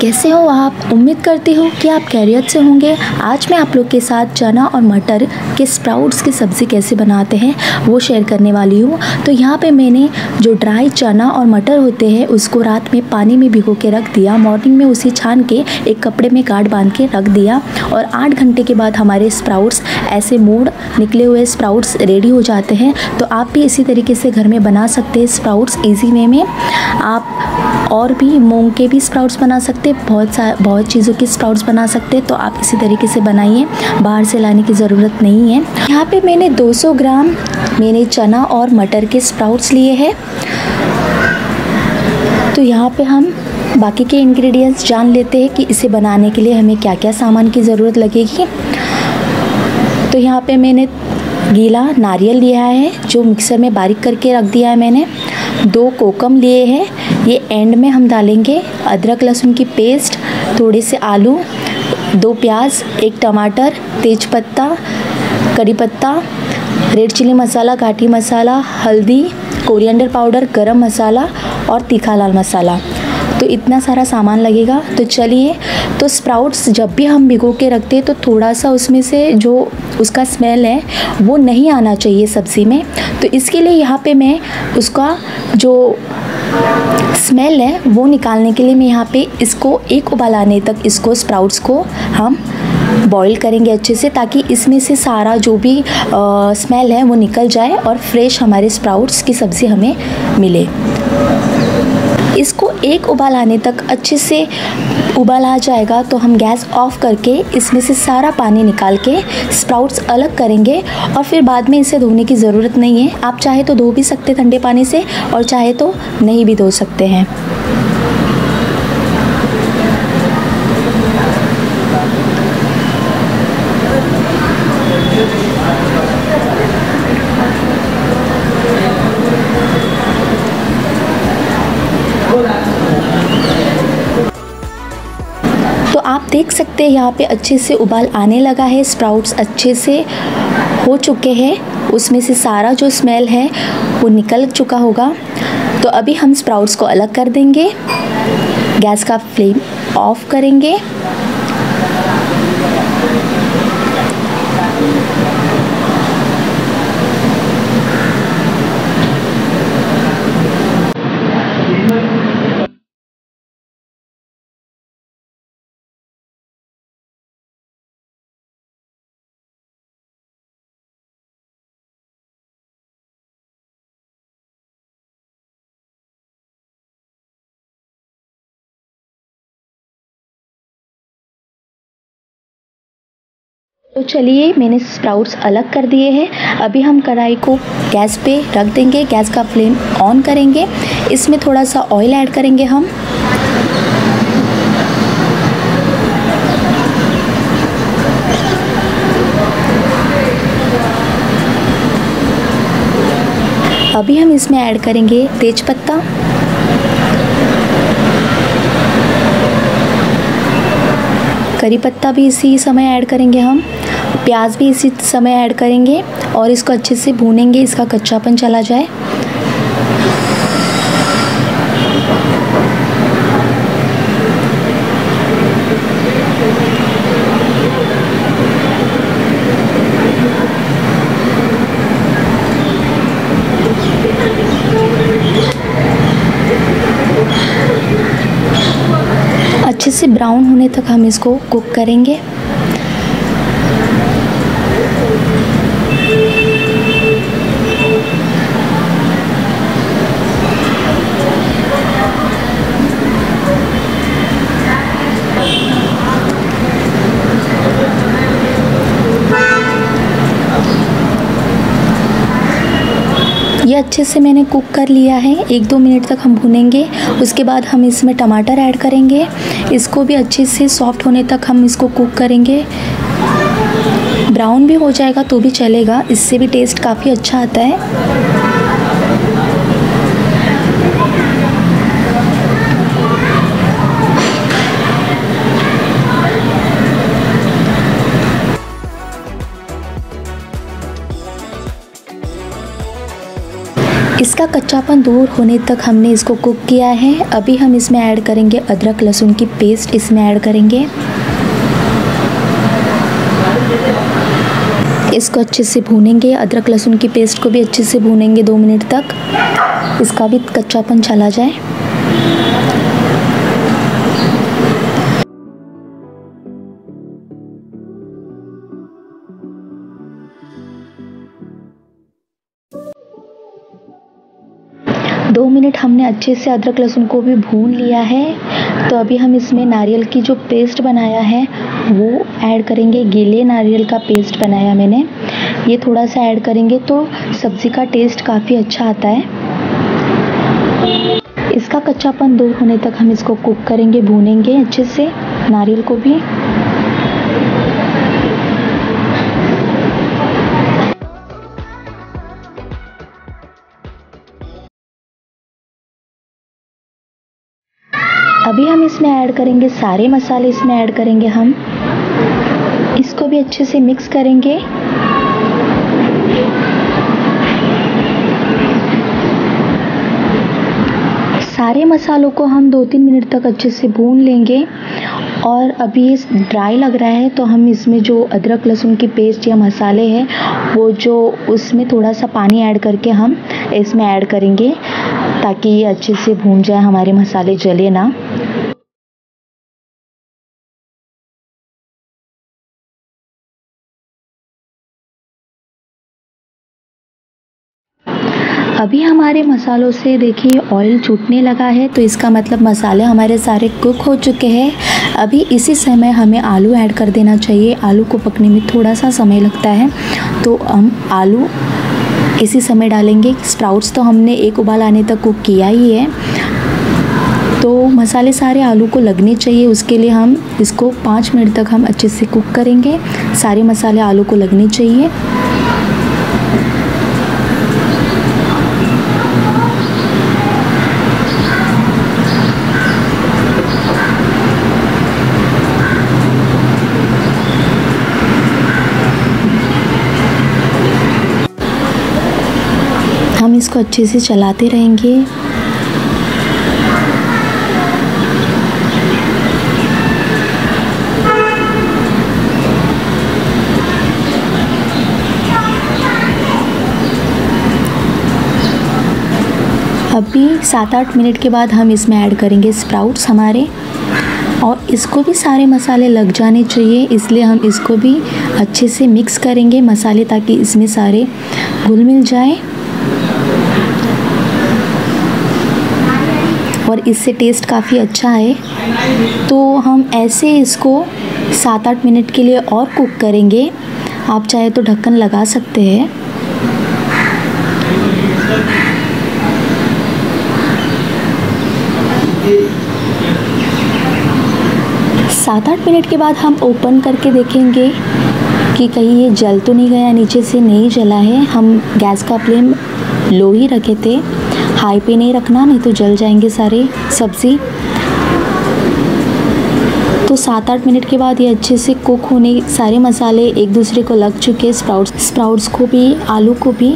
कैसे हो आप उम्मीद करती हूँ कि आप कैरियर से होंगे आज मैं आप लोग के साथ चना और मटर के स्प्राउट्स की सब्ज़ी कैसे बनाते हैं वो शेयर करने वाली हूँ तो यहाँ पे मैंने जो ड्राई चना और मटर होते हैं उसको रात में पानी में भिगो के रख दिया मॉर्निंग में उसे छान के एक कपड़े में काट बांध के रख दिया और आठ घंटे के बाद हमारे स्प्राउट्स ऐसे मोड़ निकले हुए स्प्राउट्स रेडी हो जाते हैं तो आप भी इसी तरीके से घर में बना सकते हैं स्प्राउट्स ईजी वे में आप और भी मूंग के भी स्प्राउट्स बना सकते हैं बहुत सा बहुत चीज़ों के स्प्राउट्स बना सकते हैं तो आप इसी तरीके से बनाइए बाहर से लाने की ज़रूरत नहीं है यहाँ पे मैंने 200 ग्राम मैंने चना और मटर के स्प्राउट्स लिए हैं तो यहाँ पे हम बाकी के इंग्रेडिएंट्स जान लेते हैं कि इसे बनाने के लिए हमें क्या क्या सामान की ज़रूरत लगेगी तो यहाँ पर मैंने गीला नारियल लिया है जो मिक्सर में बारीक करके रख दिया है मैंने दो कोकम लिए हैं ये एंड में हम डालेंगे अदरक लहसुन की पेस्ट थोड़े से आलू दो प्याज एक टमाटर तेज पत्ता करी पत्ता रेड चिली मसाला घाटी मसाला हल्दी कोरिएंडर पाउडर गरम मसाला और तीखा लाल मसाला तो इतना सारा सामान लगेगा तो चलिए तो स्प्राउट्स जब भी हम भिगो के रखते हैं तो थोड़ा सा उसमें से जो उसका स्मेल है वो नहीं आना चाहिए सब्ज़ी में तो इसके लिए यहाँ पे मैं उसका जो स्मेल है वो निकालने के लिए मैं यहाँ पे इसको एक उबाल आने तक इसको स्प्राउट्स को हम बॉईल करेंगे अच्छे से ताकि इसमें से सारा जो भी स्मेल है वो निकल जाए और फ्रेश हमारे स्प्राउट्स की सब्ज़ी हमें मिले इसको एक उबाल आने तक अच्छे से उबाल आ जाएगा तो हम गैस ऑफ करके इसमें से सारा पानी निकाल के स्प्राउट्स अलग करेंगे और फिर बाद में इसे धोने की ज़रूरत नहीं है आप चाहे तो धो भी सकते ठंडे पानी से और चाहे तो नहीं भी धो सकते हैं देख सकते हैं यहाँ पे अच्छे से उबाल आने लगा है स्प्राउट्स अच्छे से हो चुके हैं उसमें से सारा जो स्मेल है वो निकल चुका होगा तो अभी हम स्प्राउट्स को अलग कर देंगे गैस का फ्लेम ऑफ करेंगे तो चलिए मैंने स्प्राउट्स अलग कर दिए हैं अभी हम कढ़ाई को गैस पे रख देंगे गैस का फ्लेम ऑन करेंगे इसमें थोड़ा सा ऑयल ऐड करेंगे हम अभी हम इसमें ऐड करेंगे तेज़पत्ता करी पत्ता भी इसी समय ऐड करेंगे हम प्याज भी इसी समय ऐड करेंगे और इसको अच्छे से भूनेंगे इसका कच्चापन चला जाए अच्छे से ब्राउन होने तक हम इसको कुक करेंगे ये अच्छे से मैंने कुक कर लिया है एक दो मिनट तक हम भुनेंगे उसके बाद हम इसमें टमाटर ऐड करेंगे इसको भी अच्छे से सॉफ्ट होने तक हम इसको कुक करेंगे ब्राउन भी हो जाएगा तो भी चलेगा इससे भी टेस्ट काफ़ी अच्छा आता है इसका कच्चापन दूर होने तक हमने इसको कुक किया है अभी हम इसमें ऐड करेंगे अदरक लहसुन की पेस्ट इसमें ऐड करेंगे इसको अच्छे से भूनेंगे अदरक लहसुन की पेस्ट को भी अच्छे से भूनेंगे दो मिनट तक इसका भी कच्चापन चला जाए मिनट हमने अच्छे से अदरक लहसुन को भी भून लिया है तो अभी हम इसमें नारियल की जो पेस्ट बनाया है वो ऐड करेंगे गीले नारियल का पेस्ट बनाया मैंने ये थोड़ा सा ऐड करेंगे तो सब्ज़ी का टेस्ट काफ़ी अच्छा आता है इसका कच्चापन दूर होने तक हम इसको कुक करेंगे भूनेंगे अच्छे से नारियल को भी अभी हम इसमें ऐड करेंगे सारे मसाले इसमें ऐड करेंगे हम इसको भी अच्छे से मिक्स करेंगे सारे मसालों को हम दो तीन मिनट तक अच्छे से भून लेंगे और अभी ये ड्राई लग रहा है तो हम इसमें जो अदरक लहसुन की पेस्ट या मसाले हैं वो जो उसमें थोड़ा सा पानी ऐड करके हम इसमें ऐड करेंगे ताकि ये अच्छे से भून जाए हमारे मसाले जले ना अभी हमारे मसालों से देखिए ऑयल छूटने लगा है तो इसका मतलब मसाले हमारे सारे कुक हो चुके हैं अभी इसी समय हमें आलू ऐड कर देना चाहिए आलू को पकने में थोड़ा सा समय लगता है तो हम आलू इसी समय डालेंगे स्प्राउट्स तो हमने एक उबाल आने तक कुक किया ही है तो मसाले सारे आलू को लगने चाहिए उसके लिए हम इसको पाँच मिनट तक हम अच्छे से कुक करेंगे सारे मसाले आलू को लगने चाहिए इसको अच्छे से चलाते रहेंगे अभी सात आठ मिनट के बाद हम इसमें ऐड करेंगे स्प्राउट्स हमारे और इसको भी सारे मसाले लग जाने चाहिए इसलिए हम इसको भी अच्छे से मिक्स करेंगे मसाले ताकि इसमें सारे घुल मिल जाए और इससे टेस्ट काफ़ी अच्छा है तो हम ऐसे इसको सात आठ मिनट के लिए और कुक करेंगे आप चाहे तो ढक्कन लगा सकते हैं सात आठ मिनट के बाद हम ओपन करके देखेंगे कि कहीं ये जल तो नहीं गया नीचे से नहीं जला है हम गैस का फ्लेम लो ही रखे थे हाई पे नहीं रखना नहीं तो जल जाएंगे सारे सब्ज़ी तो सात आठ मिनट के बाद ये अच्छे से कुक होने सारे मसाले एक दूसरे को लग चुके स्प्राउट्स स्प्राउट्स को भी आलू को भी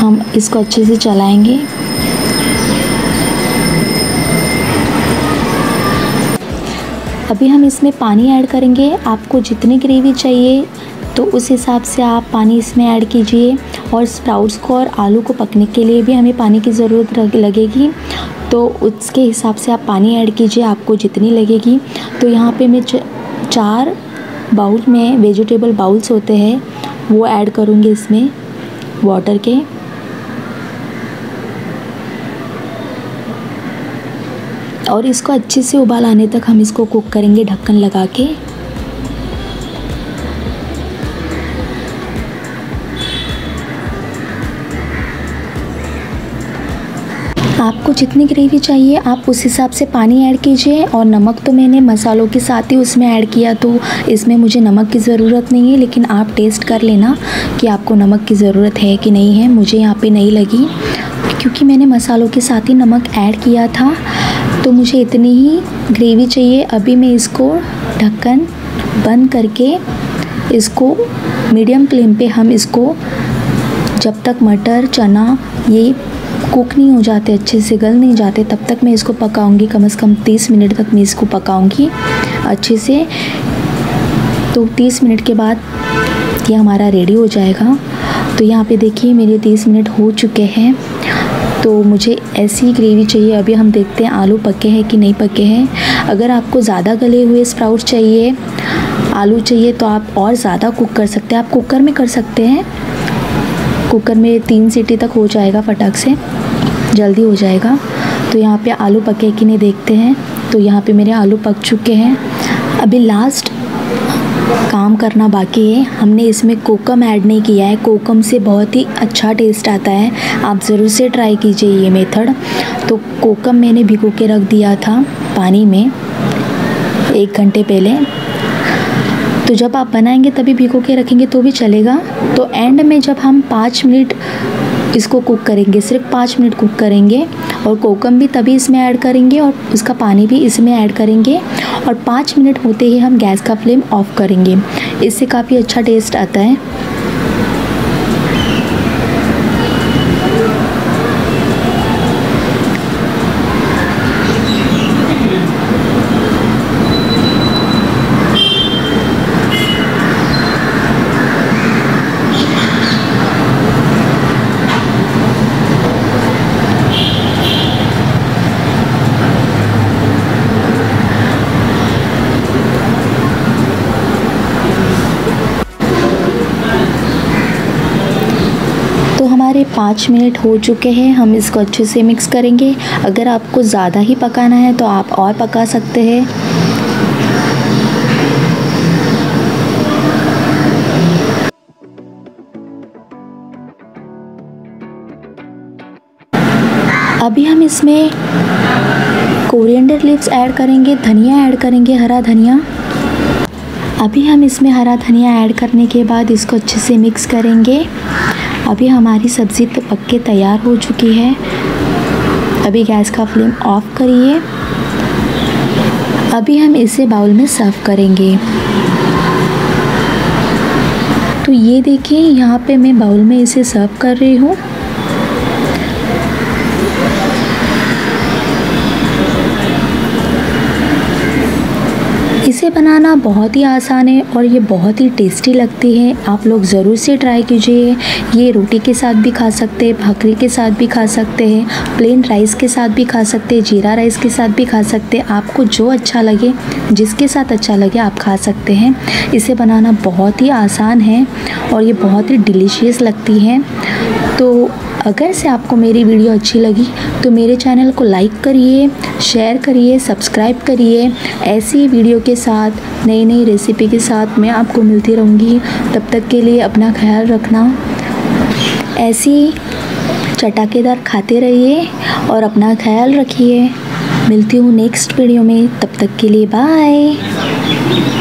हम इसको अच्छे से चलाएंगे अभी हम इसमें पानी ऐड करेंगे आपको जितनी ग्रेवी चाहिए तो उस हिसाब से आप पानी इसमें ऐड कीजिए और स्प्राउट्स को और आलू को पकने के लिए भी हमें पानी की ज़रूरत लगेगी तो उसके हिसाब से आप पानी ऐड कीजिए आपको जितनी लगेगी तो यहाँ पे मैं चार बाउल में वेजिटेबल बाउल्स होते हैं वो ऐड करूँगी इसमें वाटर के और इसको अच्छे से उबाल आने तक हम इसको कुक करेंगे ढक्कन लगा के आपको जितनी ग्रेवी चाहिए आप उस हिसाब से पानी ऐड कीजिए और नमक तो मैंने मसालों के साथ ही उसमें ऐड किया तो इसमें मुझे नमक की ज़रूरत नहीं है लेकिन आप टेस्ट कर लेना कि आपको नमक की ज़रूरत है कि नहीं है मुझे यहाँ पे नहीं लगी क्योंकि मैंने मसालों के साथ ही नमक ऐड किया था तो मुझे इतनी ही ग्रेवी चाहिए अभी मैं इसको ढक्कन बंद करके इसको मीडियम फ्लेम पर हम इसको जब तक मटर चना ये कुक नहीं हो जाते अच्छे से गल नहीं जाते तब तक मैं इसको पकाऊंगी कम से कम 30 मिनट तक मैं इसको पकाऊंगी अच्छे से तो 30 मिनट के बाद ये हमारा रेडी हो जाएगा तो यहाँ पे देखिए मेरे 30 मिनट हो चुके हैं तो मुझे ऐसी ग्रेवी चाहिए अभी हम देखते हैं आलू पके हैं कि नहीं पके हैं अगर आपको ज़्यादा गले हुए स्प्राउट चाहिए आलू चाहिए तो आप और ज़्यादा कुक कर सकते हैं आप कुकर में कर सकते हैं कुकर में तीन सीटी तक हो जाएगा फटाक से जल्दी हो जाएगा तो यहाँ पे आलू पके कि नहीं देखते हैं तो यहाँ पे मेरे आलू पक चुके हैं अभी लास्ट काम करना बाकी है हमने इसमें कोकम ऐड नहीं किया है कोकम से बहुत ही अच्छा टेस्ट आता है आप ज़रूर से ट्राई कीजिए ये मेथड तो कोकम मैंने भिगो के रख दिया था पानी में एक घंटे पहले तो जब आप बनाएंगे तभी भिगो के रखेंगे तो भी चलेगा तो एंड में जब हम पाँच मिनट इसको कुक करेंगे सिर्फ पाँच मिनट कुक करेंगे और कोकम भी तभी इसमें ऐड करेंगे और उसका पानी भी इसमें ऐड करेंगे और पाँच मिनट होते ही हम गैस का फ्लेम ऑफ़ करेंगे इससे काफ़ी अच्छा टेस्ट आता है हमारे पाँच मिनट हो चुके हैं हम इसको अच्छे से मिक्स करेंगे अगर आपको ज़्यादा ही पकाना है तो आप और पका सकते हैं अभी हम इसमें कोरिएंडर लिप्स ऐड करेंगे धनिया ऐड करेंगे हरा धनिया अभी हम इसमें हरा धनिया ऐड करने के बाद इसको अच्छे से मिक्स करेंगे अभी हमारी सब्ज़ी तो पक के तैयार हो चुकी है अभी गैस का फ्लेम ऑफ करिए अभी हम इसे बाउल में सर्व करेंगे तो ये देखिए यहाँ पे मैं बाउल में इसे सर्व कर रही हूँ बनाना बहुत ही आसान है और ये बहुत ही टेस्टी लगती है आप लोग ज़रूर से ट्राई कीजिए ये रोटी के साथ भी खा सकते हैं भाकरी के साथ भी खा सकते हैं प्लेन राइस के साथ भी खा सकते हैं जीरा राइस के साथ भी खा सकते हैं आपको जो अच्छा लगे जिसके साथ अच्छा लगे आप खा सकते हैं इसे बनाना बहुत ही आसान है और ये बहुत ही डिलीशियस लगती है तो अगर से आपको मेरी वीडियो अच्छी लगी तो मेरे चैनल को लाइक करिए शेयर करिए सब्सक्राइब करिए ऐसी वीडियो के साथ नई नई रेसिपी के साथ मैं आपको मिलती रहूँगी तब तक के लिए अपना ख्याल रखना ऐसी चटाकेदार खाते रहिए और अपना ख्याल रखिए मिलती हूँ नेक्स्ट वीडियो में तब तक के लिए बाय